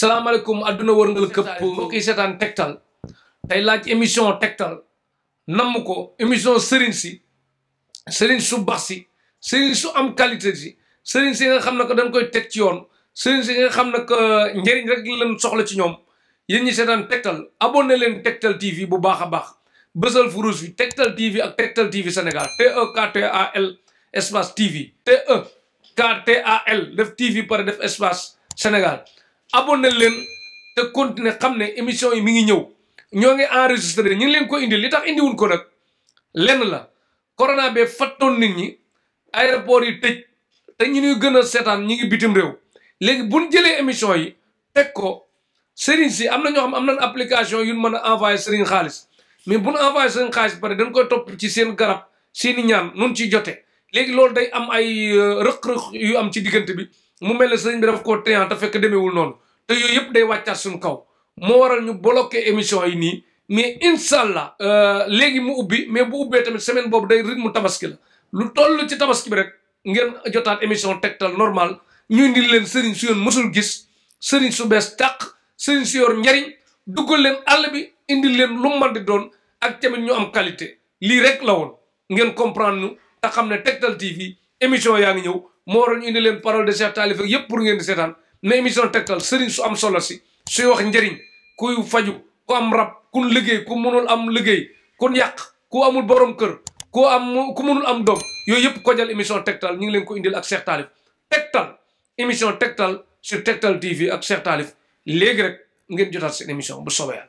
salaamaaleykum adduna wërngal këpp mbokk yi seetaan tegtal tey laaj émission tegtal namm ko émission sëriñ si sëriñ su baax si sëriñ su am qualité si sëriñ si nga xam na que dañ koy teg ci yoon sëriñ si nga xam na que njëriñ rek lañ soxla ci ñoom yéen ñi seetaan tegtal abonné leen tegtal TV bu baax a baax bësal fu rouge bi tegtal TV ak tegtal TV Sénégal T E K T A L espace TV T E K T A L def TV pare def espace Sénégal. abonné leen te continuer xam ne émission yi mi ngi ñëw ñoo ngi enregistré ñu ngi leen ko indi li tax indiwuñ ko nag lenn la corona bee fattoon nit ñi aéroport yi tëj te ñu ñuy gën a seetaan ñi ngi bitim réew léegi bu buñ jëlee émission yi teg ko sëriñ si am na ñoo xam am nañ application yu mën a envoyé sëriñ xaalis mais buñ envoyé sëriñ xaalis pare dañ koy topp ci seen garab seeni ñaan nun ciy jote léegi loolu day am ay euh, rëq-rëq yu am ci diggante bi mu mel ne sëriñ bi daf koo téyan te fekk demeewul noonu te yooyu yëpp day wàccaat suñu kaw moo waral ñu bloqué émission yi nii mais incha allah euh, léegi mu ubbi mais bu ubbee tamit semaine boobu day rythme tabaski la lu toll ci tabaski bi rek ngeen jotaan émission tegtal normal ñu indil leen sëriñ su yoon mësul gis sëriñ su bees tàq sëriñ su yor njariñ duggal leen àll bi indil leen lu doon ak tamit ñu am qualité lii rek la woon ngeen comprendre ñu te xam ne tegtal TV émission yaa ngi ñëw moo waroon indi leen parole de Cheikh Talif yëpp pur ngeen di seetaan mais émission tegtal sëriñ su am solo si suy wax njëriñ kuy faju ku am rab kun liggéey ku mënul am liggéey kun yàq ku amul borom kër ku am ku mënul am doom yooyu yëpp ko jël émission tegtal ñu ngi leen ko indil ak Cheikh Talif tegtal émission tegtal sur Tektal TV ak Cheikh Talif léegi rek ngeen jotaat seen émission bu soobee